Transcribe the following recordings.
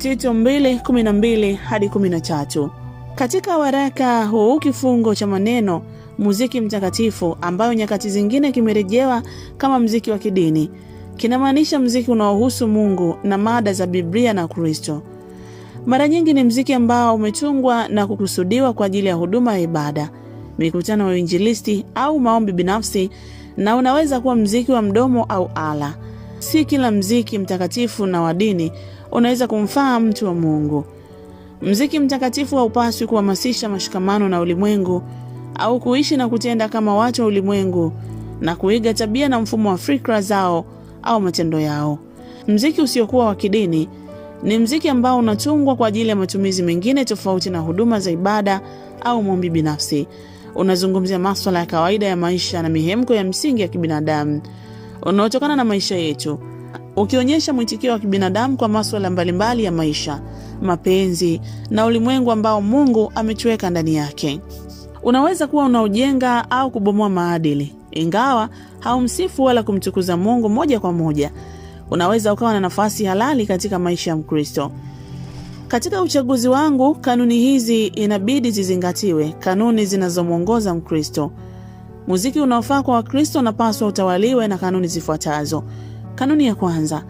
Tito 2:12 hadi 13. Katika waraka huu kifungo cha maneno muziki mtakatifu, ambayo nyakati zingine kimerejewa kama mziki wa kidini, kinamaanisha mziki unaohusu Mungu na mada za Biblia na Kristo. Mara nyingi ni mziki ambao umetungwa na kukusudiwa kwa ajili ya huduma ya ibada, mikutano ya uinjilisti au maombi binafsi, na unaweza kuwa mziki wa mdomo au ala. Si kila mziki mtakatifu na wa dini unaweza kumfaa mtu wa Mungu. Mziki mtakatifu haupaswi kuhamasisha mashikamano na ulimwengu au kuishi na kutenda kama watu wa ulimwengu na kuiga tabia na mfumo wa fikra zao au matendo yao. Mziki usiokuwa wa kidini ni mziki ambao unatungwa kwa ajili ya matumizi mengine tofauti na huduma za ibada au maombi binafsi. Unazungumzia maswala ya kawaida ya maisha na mihemko ya msingi ya kibinadamu unaotokana na maisha yetu ukionyesha mwitikio wa kibinadamu kwa masuala mbalimbali ya maisha, mapenzi na ulimwengu ambao Mungu ametuweka ndani yake. Unaweza kuwa unaojenga au kubomoa maadili, ingawa haumsifu wala kumtukuza Mungu moja kwa moja. Unaweza ukawa na nafasi halali katika maisha ya Mkristo. Katika uchaguzi wangu, kanuni hizi inabidi zizingatiwe, kanuni zinazomwongoza Mkristo. Muziki unaofaa kwa Wakristo unapaswa utawaliwe na kanuni zifuatazo: Kanuni ya kwanza,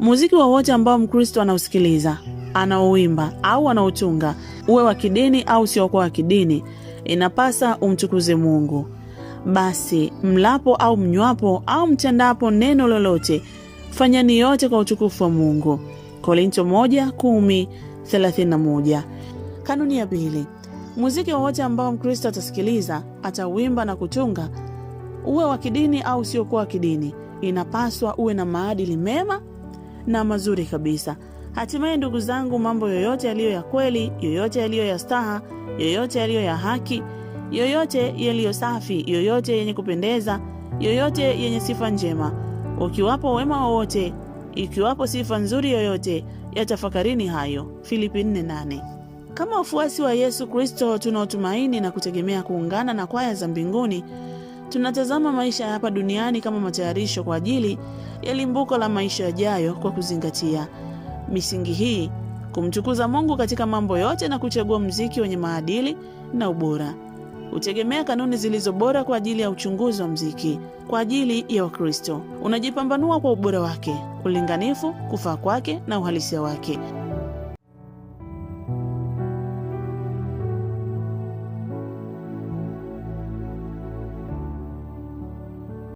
muziki wowote ambao Mkristo anausikiliza, anaouimba au anaotunga, uwe wa kidini au usiokuwa wa kidini, inapasa umtukuze Mungu. Basi mlapo au mnywapo au mtendapo neno lolote, fanyani yote kwa utukufu wa Mungu. Korinto 1:10:31. Kanuni ya pili, muziki wowote ambao Mkristo atasikiliza, atauimba na kutunga, uwe wa kidini au usiokuwa wa kidini inapaswa uwe na maadili mema na mazuri kabisa. Hatimaye ndugu zangu, mambo yoyote yaliyo ya kweli, yoyote yaliyo ya staha, yoyote yaliyo ya haki, yoyote yaliyo safi, yoyote yenye kupendeza, yoyote yenye sifa njema, ukiwapo wema wowote, ikiwapo sifa nzuri yoyote, yatafakarini hayo. Filipi 4:8. Kama wafuasi wa Yesu Kristo, tunaotumaini na kutegemea kuungana na kwaya za mbinguni Tunatazama maisha ya hapa duniani kama matayarisho kwa ajili ya limbuko la maisha yajayo kwa kuzingatia misingi hii, kumtukuza Mungu katika mambo yote na kuchagua mziki wenye maadili na ubora. Hutegemea kanuni zilizo bora kwa ajili ya uchunguzi wa mziki kwa ajili ya Wakristo. Unajipambanua kwa ubora wake, ulinganifu, kufaa kwake na uhalisia wake.